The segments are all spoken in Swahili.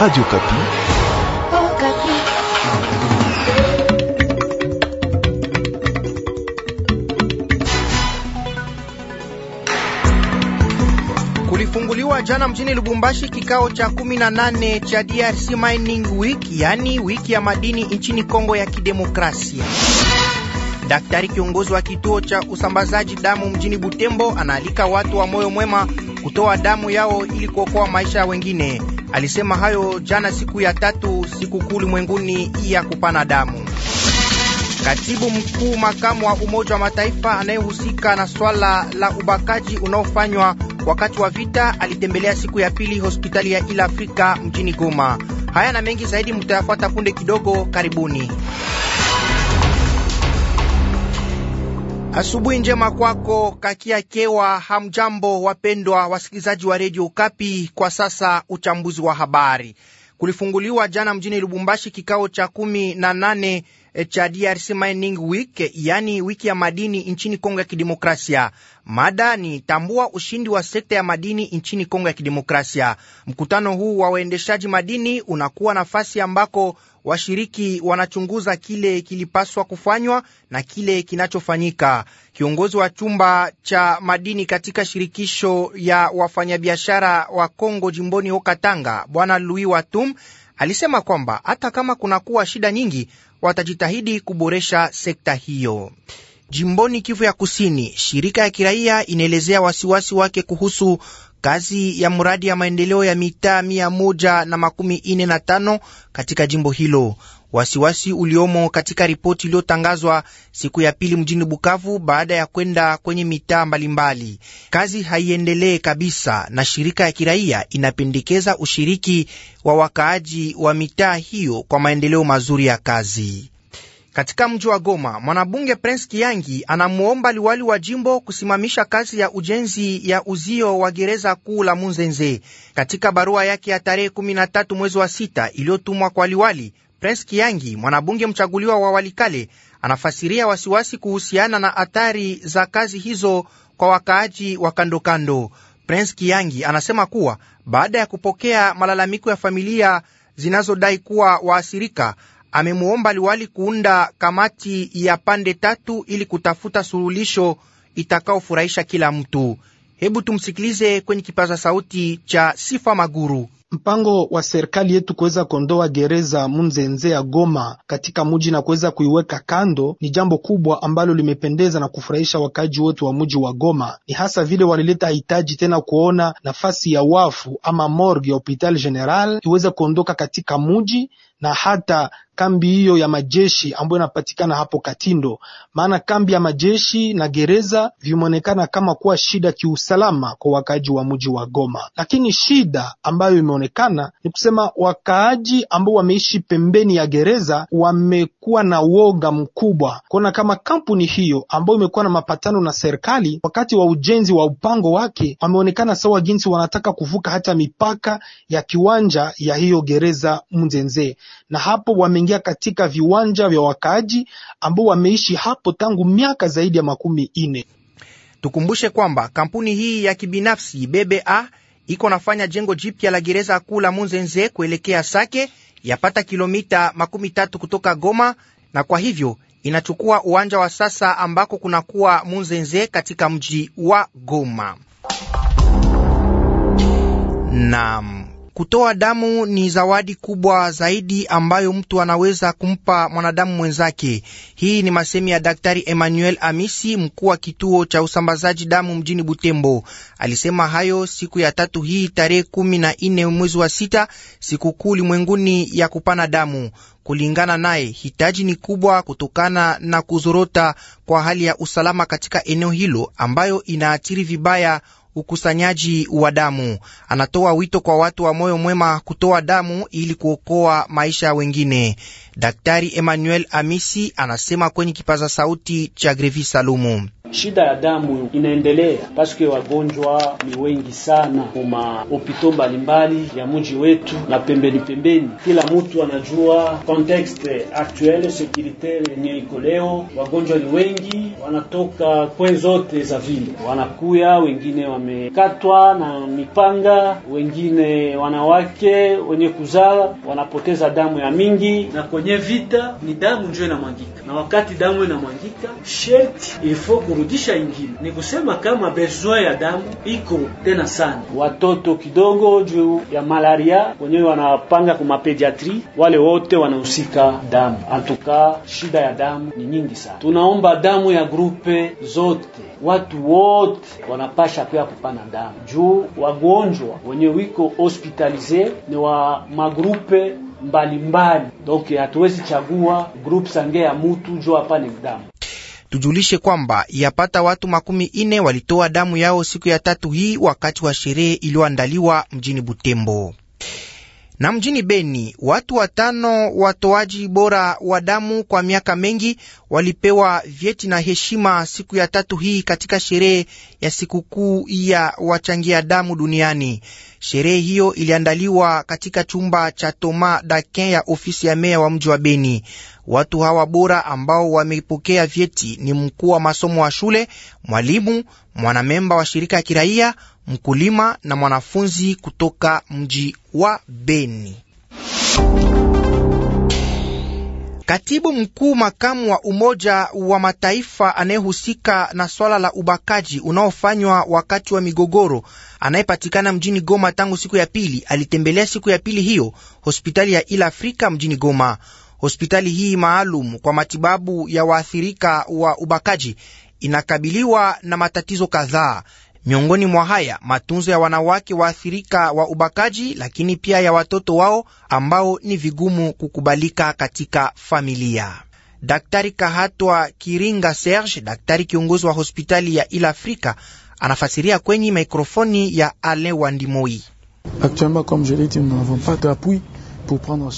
Radio Okapi. Kulifunguliwa jana mjini Lubumbashi kikao cha 18 cha DRC Mining Week, yani wiki ya madini nchini Kongo ya Kidemokrasia. Daktari kiongozi wa kituo cha usambazaji damu mjini Butembo anaalika watu wa moyo mwema kutoa damu yao ili kuokoa maisha ya wengine. Alisema hayo jana siku ya tatu, sikukuu ulimwenguni ya kupana damu. Katibu mkuu makamu wa Umoja wa Mataifa anayehusika na swala la ubakaji unaofanywa wakati wa vita alitembelea siku ya pili hospitali ya Ila Afrika mjini Goma. Haya na mengi zaidi mutayafuata punde kidogo. Karibuni. Asubuhi njema kwako kakia kewa. Hamjambo wapendwa wasikilizaji wa redio ukapi Kwa sasa uchambuzi wa habari. Kulifunguliwa jana mjini Lubumbashi kikao cha kumi na nane e, cha DRC Mining Week, yaani wiki ya madini nchini Kongo ya Kidemokrasia. Mada ni tambua ushindi wa sekta ya madini nchini Kongo ya Kidemokrasia. Mkutano huu wa waendeshaji madini unakuwa nafasi ambako washiriki wanachunguza kile kilipaswa kufanywa na kile kinachofanyika. Kiongozi wa chumba cha madini katika shirikisho ya wafanyabiashara wa Kongo jimboni Okatanga, Bwana Louis Watum alisema kwamba hata kama kunakuwa shida nyingi, watajitahidi kuboresha sekta hiyo. Jimboni Kivu ya Kusini, shirika ya kiraia inaelezea wasiwasi wake kuhusu kazi ya mradi ya maendeleo ya mitaa mia moja na makumi ine na tano katika jimbo hilo. Wasiwasi uliomo katika ripoti iliyotangazwa siku ya pili mjini Bukavu baada ya kwenda kwenye mitaa mbalimbali, kazi haiendelee kabisa, na shirika ya kiraia inapendekeza ushiriki wa wakaaji wa mitaa hiyo kwa maendeleo mazuri ya kazi. Katika mji wa Goma, mwanabunge Prince Kiangi anamwomba liwali wa jimbo kusimamisha kazi ya ujenzi ya uzio wa gereza kuu la Munzenze. Katika barua yake ya tarehe 13 mwezi wa sita iliyotumwa kwa liwali, Prince Kiangi, mwanabunge mchaguliwa wa Walikale, anafasiria wasiwasi kuhusiana na athari za kazi hizo kwa wakaaji wa kandokando. Prince Kiangi anasema kuwa baada ya kupokea malalamiko ya familia zinazodai kuwa waasirika amemwomba liwali kuunda kamati ya pande tatu ili kutafuta suluhisho itakaofurahisha kila mtu. Hebu tumsikilize kwenye kipaza sauti cha Sifa Maguru. Mpango wa serikali yetu kuweza kuondoa gereza Munzenze ya Goma katika muji na kuweza kuiweka kando ni jambo kubwa ambalo limependeza na kufurahisha wakaaji wote wa muji wa Goma. Ni hasa vile walileta hitaji tena kuona nafasi ya wafu ama morgue ya hopital general iweze kuondoka katika muji na hata kambi hiyo ya majeshi ambayo inapatikana hapo Katindo, maana kambi ya majeshi na gereza vimeonekana kama kuwa shida kiusalama kwa wakaaji wa mji wa Goma. Lakini shida ambayo imeonekana ni kusema wakaaji ambao wameishi pembeni ya gereza wamekuwa na woga mkubwa kuona kama kampuni hiyo ambayo imekuwa na mapatano na serikali wakati wa ujenzi wa upango wake, wameonekana sawa jinsi wanataka kuvuka hata mipaka ya kiwanja ya hiyo gereza Mzenzee, na hapo wame kuingia katika viwanja vya wakaaji ambao wameishi hapo tangu miaka zaidi ya makumi ine. Tukumbushe kwamba kampuni hii ya kibinafsi BBA iko nafanya jengo jipya la gereza kuu la Munzenze kuelekea Sake, yapata kilomita makumi tatu kutoka Goma, na kwa hivyo inachukua uwanja wa sasa ambako kunakuwa Munzenze katika mji wa Goma. Naam. Kutoa damu ni zawadi kubwa zaidi ambayo mtu anaweza kumpa mwanadamu mwenzake. Hii ni masemi ya Daktari Emmanuel Amisi, mkuu wa kituo cha usambazaji damu mjini Butembo. Alisema hayo siku ya tatu hii tarehe kumi na nne mwezi wa sita, sikukuu ulimwenguni ya kupana damu. Kulingana naye, hitaji ni kubwa kutokana na kuzorota kwa hali ya usalama katika eneo hilo ambayo inaathiri vibaya ukusanyaji wa damu. Anatoa wito kwa watu wa moyo mwema kutoa damu ili kuokoa maisha wengine. Daktari Emmanuel Amisi anasema kwenye kipaza sauti cha Grevi Salumu. Shida ya damu inaendelea paske wagonjwa ni wengi sana kuma opito mbalimbali ya muji wetu na pembeni pembeni. Kila mtu anajua contexte actuel securitaire yenye iko leo, wagonjwa ni wengi, wanatoka kwe zote za vile wanakuya, wengine wamekatwa na mipanga, wengine wanawake wenye kuzaa wanapoteza damu ya mingi na kwenye kwenye vita ni damu njo inamwangika, na wakati damu inamwangika sheti ilifo kurudisha ingine. Ni kusema kama besoin ya damu iko tena sana, watoto kidogo juu ya malaria wenye wanapanga kwa pediatri, wale wote wanahusika damu. Antuka shida ya damu ni nyingi sana, tunaomba damu ya grupe zote, watu wote wanapasha pia kupana damu juu wagonjwa wenye wiko hospitalize ni wa magrupe mbalimbali donc hatuwezi chagua group sange ya mutu jo hapa ni damu. Tujulishe kwamba yapata watu makumi ine walitoa damu yao siku ya tatu hii wakati wa sherehe iliyoandaliwa mjini Butembo na mjini Beni watu watano watoaji bora wa damu kwa miaka mengi walipewa vyeti na heshima siku ya tatu hii katika sherehe ya sikukuu ya wachangia damu duniani. Sherehe hiyo iliandaliwa katika chumba cha Toma Dakin ya ofisi ya meya wa mji wa Beni. Watu hawa bora ambao wamepokea vyeti ni mkuu wa masomo wa shule, mwalimu, mwanamemba wa shirika ya kiraia mkulima na mwanafunzi kutoka mji wa Beni. Katibu mkuu makamu wa Umoja wa Mataifa anayehusika na swala la ubakaji unaofanywa wakati wa migogoro anayepatikana mjini Goma tangu siku ya pili alitembelea siku ya pili hiyo hospitali ya Ila Afrika mjini Goma. Hospitali hii maalum kwa matibabu ya waathirika wa ubakaji inakabiliwa na matatizo kadhaa Miongoni mwa haya, matunzo ya wanawake waathirika wa ubakaji, lakini pia ya watoto wao ambao ni vigumu kukubalika katika familia. Daktari Kahatwa Kiringa Serge, daktari kiongozi wa hospitali ya il Afrika, anafasiria kwenye mikrofoni ya Alain Wandimoi.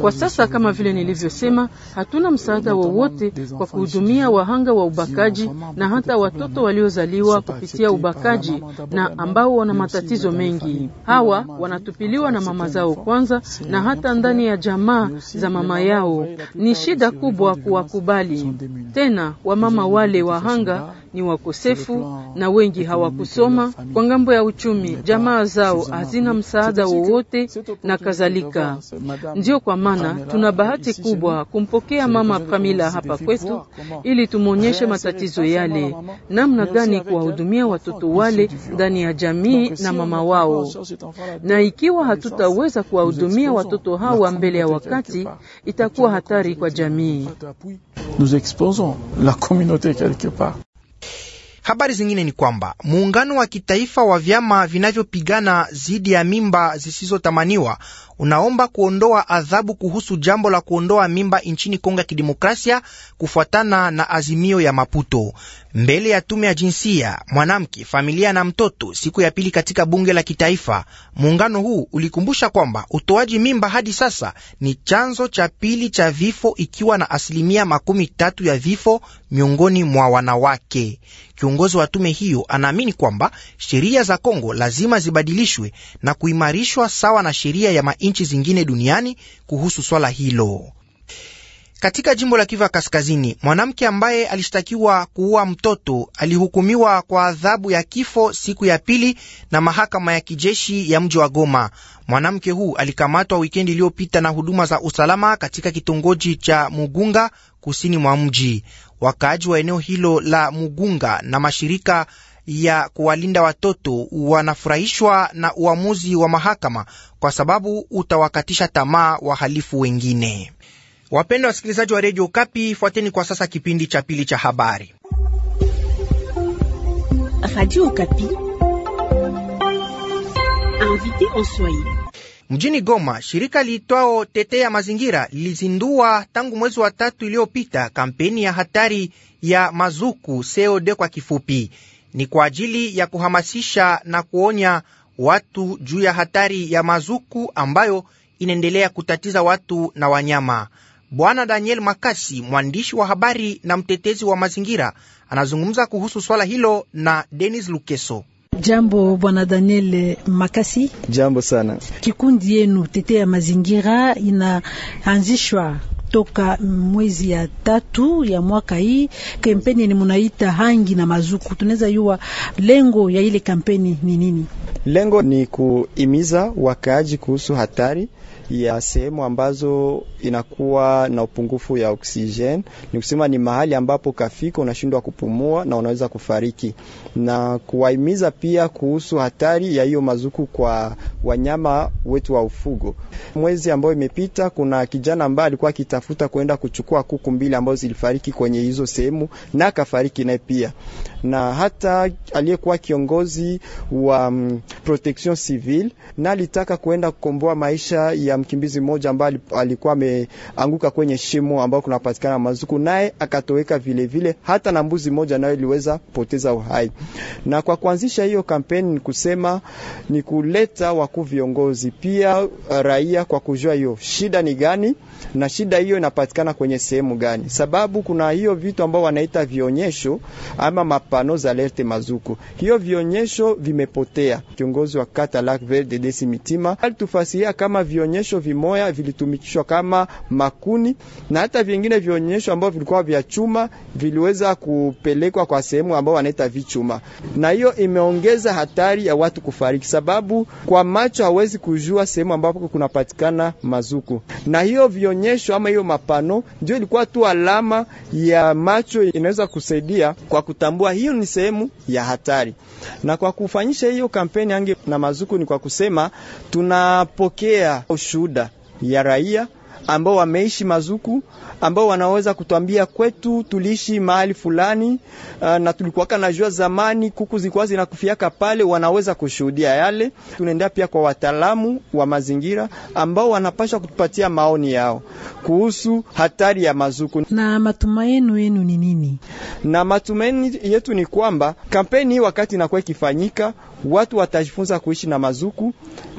Kwa sasa kama vile nilivyosema, hatuna msaada wowote kwa kuhudumia wahanga wa ubakaji na hata watoto waliozaliwa kupitia ubakaji na ambao wana matatizo mengi. Hawa wanatupiliwa na mama zao kwanza, na hata ndani ya jamaa za mama yao. Ni shida kubwa kuwakubali tena. Wamama wale wahanga ni wakosefu na wengi hawakusoma. Kwa ngambo ya uchumi, jamaa zao hazina msaada wowote na kadhalika. ndio kwa maana tuna bahati kubwa kumpokea mama Pramila hapa kwetu, ili tumwonyeshe matatizo yale, namna gani kuwahudumia watoto wale ndani ya jamii na mama wao, na ikiwa hatutaweza kuwahudumia watoto hawa mbele ya wakati, itakuwa hatari kwa jamii. Nous exposons la communauté quelque part. Habari zingine ni kwamba muungano wa kitaifa wa vyama vinavyopigana dhidi ya mimba zisizotamaniwa unaomba kuondoa adhabu kuhusu jambo la kuondoa mimba nchini Kongo ya Kidemokrasia kufuatana na azimio ya Maputo mbele ya tume ya jinsia, mwanamke, familia na mtoto. Siku ya pili katika bunge la kitaifa, muungano huu ulikumbusha kwamba utoaji mimba hadi sasa ni chanzo cha pili cha vifo, ikiwa na asilimia makumi tatu ya vifo miongoni mwa wanawake. Kiongozi wa tume hiyo anaamini kwamba sheria za Kongo lazima zibadilishwe na kuimarishwa sawa na sheria ya maini nchi zingine duniani kuhusu swala hilo. Katika jimbo la Kiva Kaskazini, mwanamke ambaye alishtakiwa kuua mtoto alihukumiwa kwa adhabu ya kifo siku ya pili na mahakama ya kijeshi ya mji wa Goma. Mwanamke huu alikamatwa wikendi iliyopita na huduma za usalama katika kitongoji cha Mugunga, kusini mwa mji. Wakaaji wa eneo hilo la Mugunga na mashirika ya kuwalinda watoto wanafurahishwa na uamuzi wa mahakama kwa sababu utawakatisha tamaa wahalifu wengine. Wapenda wasikilizaji wa redio Kapi, fuateni kwa sasa kipindi cha pili cha habari. Mjini Goma, shirika liitwao Tetea Mazingira lilizindua tangu mwezi wa tatu iliyopita kampeni ya hatari ya mazuku COD kwa kifupi. Ni kwa ajili ya kuhamasisha na kuonya watu juu ya hatari ya mazuku ambayo inaendelea kutatiza watu na wanyama. Bwana Daniel Makasi, mwandishi wa habari na mtetezi wa mazingira, anazungumza kuhusu swala hilo na Denis Lukeso. Jambo bwana Daniel Makasi. Jambo sana. Kikundi yenu tetea mazingira inaanzishwa toka mwezi ya tatu ya mwaka hii. Kampeni ni munaita hangi na mazuku, tunaweza yua lengo ya ile kampeni ni nini? Lengo ni kuimiza wakaaji kuhusu hatari ya sehemu ambazo inakuwa na upungufu ya oksijeni. Ni kusema ni mahali ambapo kafika unashindwa kupumua na unaweza kufariki, na kuwahimiza pia kuhusu hatari ya hiyo mazuku kwa wanyama wetu wa ufugo. Mwezi ambao imepita, kuna kijana ambaye alikuwa akitafuta kwenda kuchukua kuku mbili ambazo zilifariki kwenye hizo sehemu na akafariki naye pia, na hata aliyekuwa kiongozi wa um, protection civile na alitaka kwenda kukomboa maisha ya mkimbizi mmoja ambaye alikuwa ameanguka kwenye shimo ambao kunapatikana mazuku, naye akatoweka vile vile, hata na mbuzi moja nayo iliweza kupoteza uhai. Na kwa kuanzisha hiyo kampeni ni kusema ni kuleta wakuu viongozi, pia uh, raia, kwa kujua hiyo shida ni gani na shida hiyo inapatikana kwenye sehemu gani, sababu kuna hiyo vitu ambao wanaita vionyesho ama mapano za alerte mazuku. Hiyo vionyesho vimepotea. Kiongozi wa kata Lac Vert Dedesi Mitima alitufasiria kama vionyesho vionyesho vimoya vilitumikishwa kama makuni na hata vingine vionyesho ambao vilikuwa vya chuma viliweza kupelekwa kwa sehemu ambao wanaita vichuma, na hiyo imeongeza hatari ya watu kufariki, sababu kwa macho hawezi kujua sehemu ambapo kunapatikana mazuku. Na hiyo vionyesho ama hiyo mapano ndio ilikuwa tu alama ya macho, inaweza kusaidia kwa kutambua hiyo ni sehemu ya hatari. Na kwa kufanyisha hiyo kampeni ange na mazuku ni kwa kusema tunapokea ushu mashuhuda ya raia ambao wameishi Mazuku, ambao wanaweza kutuambia kwetu tuliishi mahali fulani, uh, na tulikuwaka najua zamani kuku zilikuwa zinakufiaka pale. Wanaweza kushuhudia yale. Tunaendea pia kwa wataalamu wa mazingira ambao wanapasha kutupatia maoni yao kuhusu hatari ya Mazuku. Na matumaini yenu ni nini? Na matumaini yetu ni kwamba kampeni hii wakati inakuwa ikifanyika, watu watajifunza kuishi na Mazuku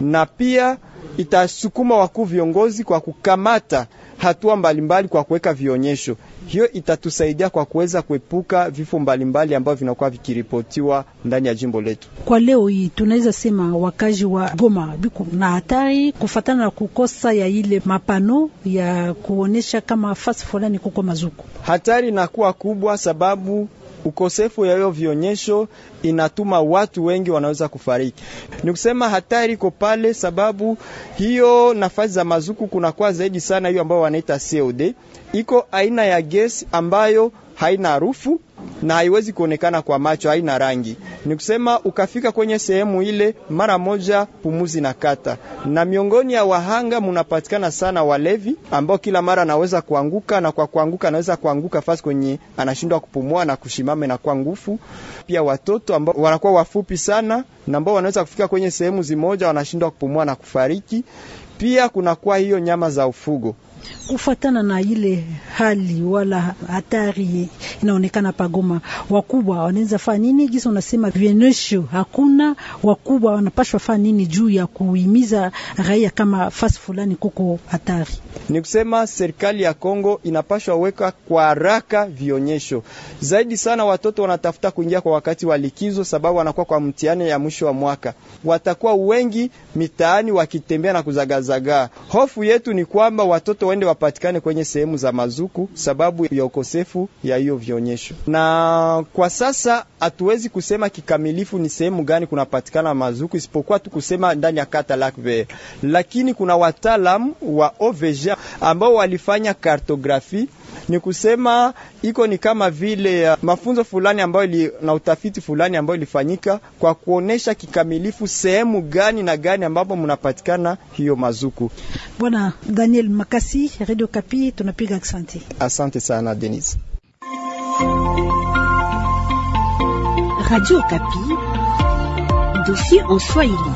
na pia itasukuma wakuu viongozi kwa kukamata hatua mbalimbali mbali kwa kuweka vionyesho. Hiyo itatusaidia kwa kuweza kuepuka vifo mbalimbali ambavyo vinakuwa vikiripotiwa ndani ya jimbo letu. Kwa leo hii tunaweza sema wakazi wa Goma biko na hatari kufatana na kukosa ya ile mapano ya kuonyesha kama fasi fulani kuko mazuku. Hatari inakuwa kubwa sababu ukosefu ya hiyo vionyesho inatuma watu wengi wanaweza kufariki. Ni kusema hatari iko pale, sababu hiyo nafasi za mazuku kunakuwa zaidi sana hiyo ambao wanaita COD iko aina ya gesi ambayo haina harufu na haiwezi kuonekana kwa macho, haina rangi. Ni kusema ukafika kwenye sehemu ile, mara moja pumuzi na kata. Na miongoni ya wahanga munapatikana sana walevi, ambao kila mara anaweza kuanguka, na kwa kuanguka anaweza kuanguka fasi kwenye anashindwa kupumua na kushimama na kwa nguvu. Pia watoto ambao wanakuwa wafupi sana na ambao wanaweza kufika kwenye sehemu zimoja wanashindwa kupumua na kufariki. Pia kunakuwa hiyo nyama za ufugo kufuatana na ile hali wala hatari inaonekana pagoma, wakubwa wanaweza fanya nini? Gisa unasema vienesho hakuna, wakubwa wanapashwa fanya nini juu ya kuhimiza raia kama fasi fulani kuko hatari? Ni kusema serikali ya Kongo inapashwa weka kwa haraka vionyesho zaidi sana. Watoto wanatafuta kuingia kwa wakati wa likizo, sababu wanakuwa kwa mtihani ya mwisho wa mwaka, watakuwa wengi mitaani wakitembea na kuzagazagaa. Hofu yetu ni kwamba watoto waende wapatikane kwenye sehemu za mazuku sababu ya ukosefu ya hiyo vionyesho. Na kwa sasa hatuwezi kusema kikamilifu ni sehemu gani kunapatikana mazuku, isipokuwa tu kusema ndani ya kata lakini kuna wataalamu wa OVG ambao walifanya kartografi ni kusema iko ni kama vile uh, mafunzo fulani ambayo na utafiti fulani ambayo ilifanyika kwa kuonesha kikamilifu sehemu gani na gani ambapo mnapatikana hiyo mazuku. Bwana Daniel Makasi Merci Radio Kapi, tunapiga asante. Asante sana Denise. Radio Kapi, dossier en Swahili.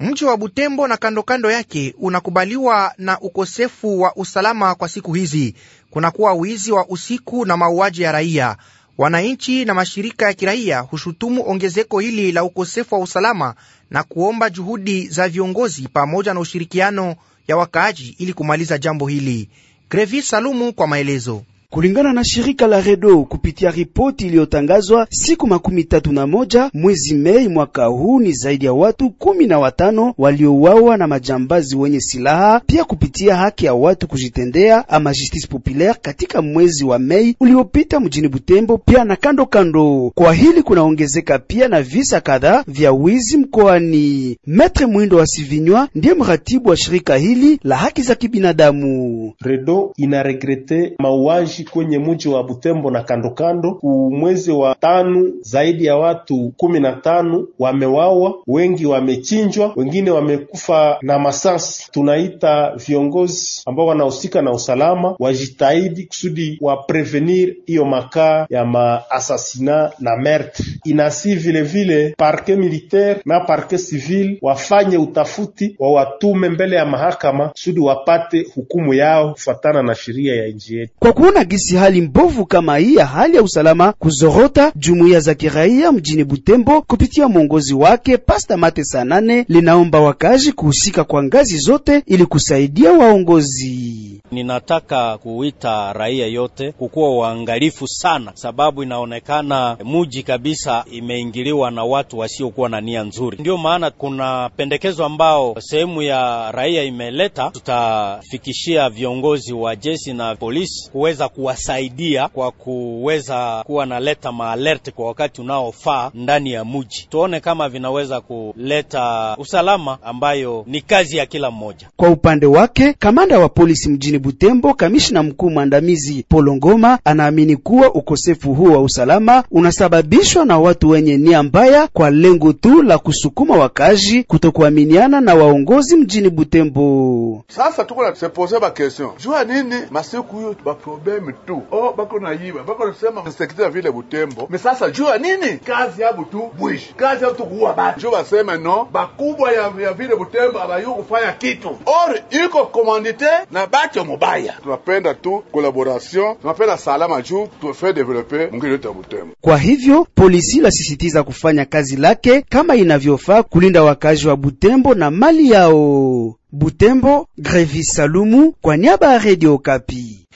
Mji wa Butembo na kandokando kando yake unakubaliwa na ukosefu wa usalama kwa siku hizi. Kunakuwa wizi wa usiku na mauaji ya raia. Wananchi na mashirika ya kiraia hushutumu ongezeko hili la ukosefu wa usalama na kuomba juhudi za viongozi pamoja na ushirikiano ya wakaaji ili kumaliza jambo hili. Grevi Salumu kwa maelezo. Kulingana na shirika la Redo kupitia ripoti iliyotangazwa siku makumi tatu na moja mwezi Mei mwaka huu, ni zaidi ya watu kumi na watano waliouawa na majambazi wenye silaha. Pia kupitia haki ya watu kujitendea ama justice populaire katika mwezi wa Mei uliopita mjini Butembo pia na kando kando. Kwa hili kunaongezeka pia na visa kadhaa vya wizi mkoani. Metre Mwindo wa Sivinywa ndiye mratibu wa shirika hili la haki za kibinadamu Redo. Inaregrete mauaji wanaishi kwenye mji wa Butembo na kando kando. mwezi wa tano zaidi ya watu kumi na tano wamewawa, wengi wamechinjwa, wengine wamekufa na masasi. Tunaita viongozi ambao wanahusika na usalama wajitahidi kusudi wa prevenir hiyo makaa ya maasasina na mertre. Inasi vilevile parke militaire na parke civil wafanye utafuti wa watume mbele ya mahakama kusudi wapate hukumu yao kufuatana na sheria ya nchi yetu kwa kuona gisi hali mbovu kama hii ya hali ya usalama kuzorota, jumuiya za kiraia mjini Butembo kupitia mwongozi wake Pasta Mate Sanane linaomba wakazi kuhusika kwa ngazi zote ili kusaidia waongozi. Ninataka kuita raia yote kukuwa waangalifu sana, sababu inaonekana muji kabisa imeingiliwa na watu wasiokuwa na nia nzuri. Ndiyo maana kuna pendekezo ambao sehemu ya raia imeleta, tutafikishia viongozi wa jeshi na polisi kuweza kuwasaidia kwa kuweza kuwa naleta maalerte kwa wakati unaofaa ndani ya muji, tuone kama vinaweza kuleta usalama ambayo ni kazi ya kila mmoja. Kwa upande wake, kamanda wa polisi mjini Butembo, kamishna mkuu mwandamizi Polongoma, anaamini kuwa ukosefu huo wa usalama unasababishwa na watu wenye nia mbaya kwa lengo tu la kusukuma wakazi kutokuaminiana na waongozi mjini Butembo. Sasa tuko na sepose ba question jua nini masiku hiyo ba problem makumi tu oh, bako naiba bako nasema msekitia vile Butembo mesasa jua nini kazi ya butu bwishi kazi ya tu batu jua sema no bakubwa ya, ya vile Butembo abayu kufanya kitu or iko komandite na batu mubaya. Tunapenda tu collaboration, tunapenda salama juu tufe develope mungine yote ya Butembo. Kwa hivyo polisi lasisitiza kufanya kazi lake kama inavyofaa kulinda wakazi wa Butembo na mali yao. Butembo, Grevi Salumu kwa niaba ya Radio Kapi.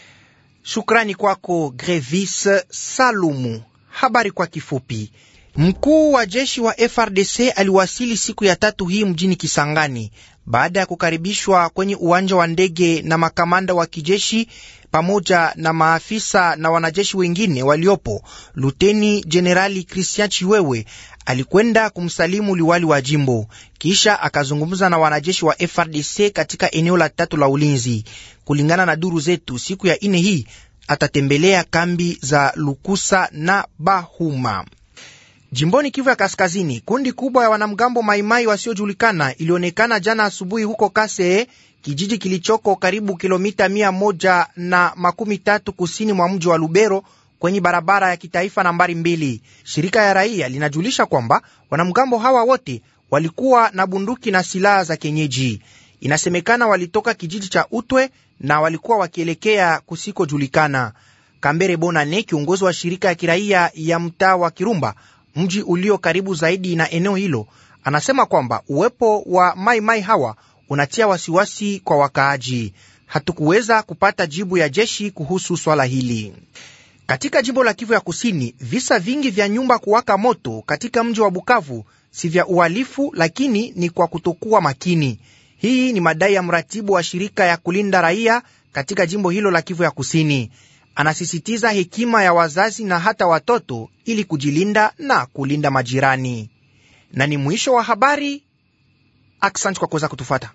Shukrani kwako Grevis Salumu. Habari kwa kifupi. Mkuu wa jeshi wa FRDC aliwasili siku ya tatu hii mjini Kisangani baada ya kukaribishwa kwenye uwanja wa ndege na makamanda wa kijeshi pamoja na maafisa na wanajeshi wengine waliopo, Luteni Jenerali Christian Chiwewe alikwenda kumsalimu liwali wa jimbo, kisha akazungumza na wanajeshi wa FRDC katika eneo la tatu la ulinzi. Kulingana na duru zetu, siku ya ine hii atatembelea kambi za Lukusa na Bahuma. Jimboni Kivu ya Kaskazini, kundi kubwa ya wanamgambo Maimai wasiojulikana ilionekana jana asubuhi huko kase kijiji kilichoko karibu kilomita mia moja na makumi tatu kusini mwa mji wa Lubero kwenye barabara ya kitaifa nambari mbili. Shirika ya raia linajulisha kwamba wanamgambo hawa wote walikuwa na bunduki na silaha za kienyeji. Inasemekana walitoka kijiji cha Utwe na walikuwa wakielekea kusikojulikana. Kambere Bonane, kiongozi wa shirika ya kiraia ya mtaa wa Kirumba, mji ulio karibu zaidi na eneo hilo, anasema kwamba uwepo wa maimai mai hawa unatia wasiwasi kwa wakaaji. Hatukuweza kupata jibu ya jeshi kuhusu swala hili. Katika jimbo la Kivu ya Kusini, visa vingi vya nyumba kuwaka moto katika mji wa Bukavu si vya uhalifu, lakini ni kwa kutokuwa makini. Hii ni madai ya mratibu wa shirika ya kulinda raia katika jimbo hilo la Kivu ya Kusini. Anasisitiza hekima ya wazazi na hata watoto ili kujilinda na kulinda majirani. Na ni mwisho wa habari. Aksanti kwa kuweza kutufata.